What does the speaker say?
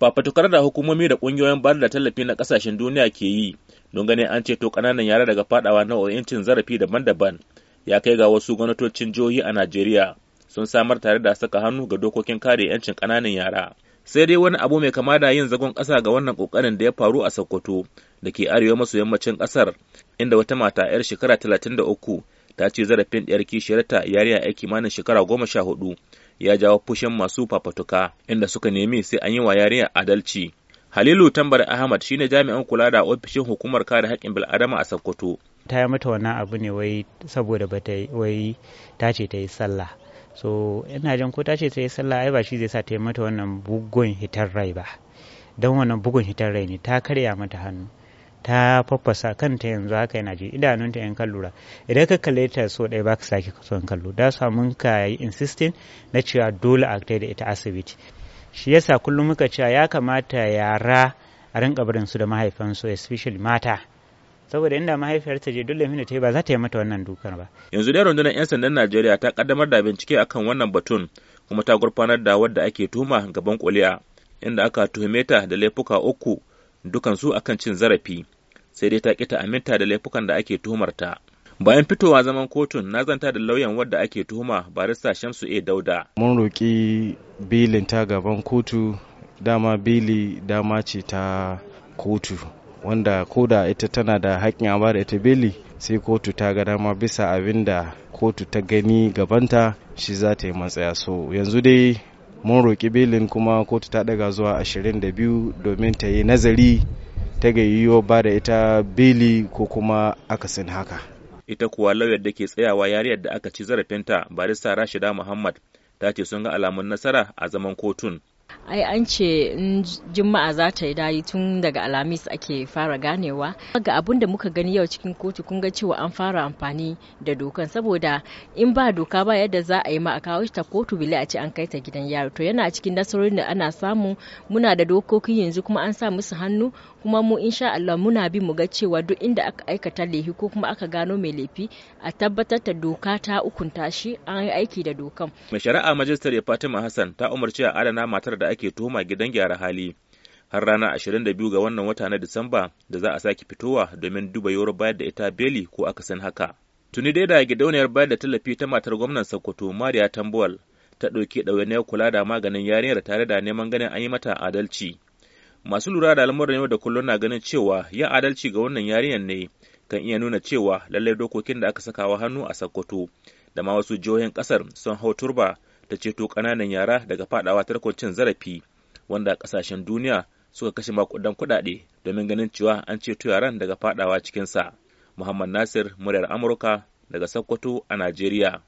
fafatukar da hukumomi da kungiyoyin bayar da tallafi na kasashen duniya ke yi don ganin an ceto kananan yara daga fadawa nau'o'in cin zarafi daban-daban ya kai ga wasu gwamnatocin jihohi a Najeriya sun samar tare da saka hannu ga dokokin kare 'yancin kananan yara. Sai dai wani abu mai kama da yin zagon kasa ga wannan kokarin da ya faru a Sokoto da ke arewa maso yammacin ƙasar inda wata mata 'yar shekara talatin da uku ta ce zarafin ɗiyar kishiyarta yariya ya kimanin shekara goma sha hudu ya jawo fushin masu fafatuka inda suka nemi sai an yi wa yarinya adalci Halilu Tambar Ahmad shine jami'an kula da ofishin hukumar kare haƙƙin bil'adama a Sokoto. Ta yi mata wannan abu ne wai saboda ba ta wai ta ce ta yi sallah. So ina jan ko ta ce ta yi sallah ai ba shi zai sa ta yi mata wannan bugun hitar rai ba. Don wannan bugun hitar rai ne ta karya mata hannu. ta faffasa kanta yanzu haka yana ji idanunta yan kan lura idan ka kalle ta so ɗaya baka sake son kallo da mun ka yi insisting na cewa dole a da ita asibiti shi yasa kullum muka cewa ya kamata yara a rinka barin su da mahaifansu especially mata saboda inda mahaifiyarta je dole mina ta yi ba za ta yi mata wannan dukar ba yanzu dai rundunar yan sandan najeriya ta kaddamar da bincike akan wannan batun kuma ta gurfanar da wadda ake tuhuma gaban kuliya inda aka tuhume ta da laifuka uku dukansu akan cin zarafi sai dai ta kita aminta da laifukan da ake tuhumarta bayan fitowa zaman kotun na zanta da lauyan wadda ake tuhuma barista shamsu a dauda mun roƙi bilin ta gaban kotu dama bili dama ce ta kotu wanda koda ita tana da haƙƙin a bada ita beli sai kotu ta ga dama bisa abin da kotu ta gani gabanta shi za ta yi matsaya so yanzu dai mun roƙi belin kuma kotu ta daga zuwa 22 domin ta yi nazari ta gayyuwa ba da ita beli ko kuma akasin haka ita kuwa lauyar da ke tsayawa yariyar da aka ci zarafinta barista rashida muhammad ta ce sun ga alamun nasara a zaman kotun ai an ce in juma'a za ta yi dayi tun daga alhamis ake fara ganewa ga abun da muka gani yau cikin kotu kun ga cewa an fara amfani da dokan saboda in ba doka ba yadda za a yi ma a kawo ta kotu bile a ce an kai ta gidan yaro to yana cikin nasarorin da ana samu muna da dokokin yanzu kuma an sa musu hannu kuma mu insha Allah muna bi mu ga cewa duk inda aka aikata laifi ko kuma aka gano mai laifi a tabbatar da doka ta ukunta shi an yi aiki da dokan. Mai shari'a majistar Fatima Hassan ta umarci a adana matar da ake ake tuhuma gidan gyara hali har ranar 22 ga wannan wata na Disamba da za a sake fitowa domin duba yiwuwar bayar da ita beli ko san haka. Tuni dai da gidauniyar bayar da tallafi ta matar gwamnan Sokoto Mariya Tambuwal ta ɗauki ɗawainiyar kula da maganin yarinyar tare da neman ganin an yi mata adalci. Masu lura da al'amuran yau da kullum na ganin cewa yin adalci ga wannan yarinyar ne kan iya nuna cewa lallai dokokin da aka sakawa hannu a Sokoto da ma wasu jihohin ƙasar sun hau turba ta ceto ƙananan yara daga fadawa tarkon cin zarafi wanda ƙasashen duniya suka kashe makudan kuɗaɗe domin ganin cewa an ceto yaran daga faɗawa cikinsa. Muhammad Nasir, muryar Amurka daga Sokoto a Najeriya.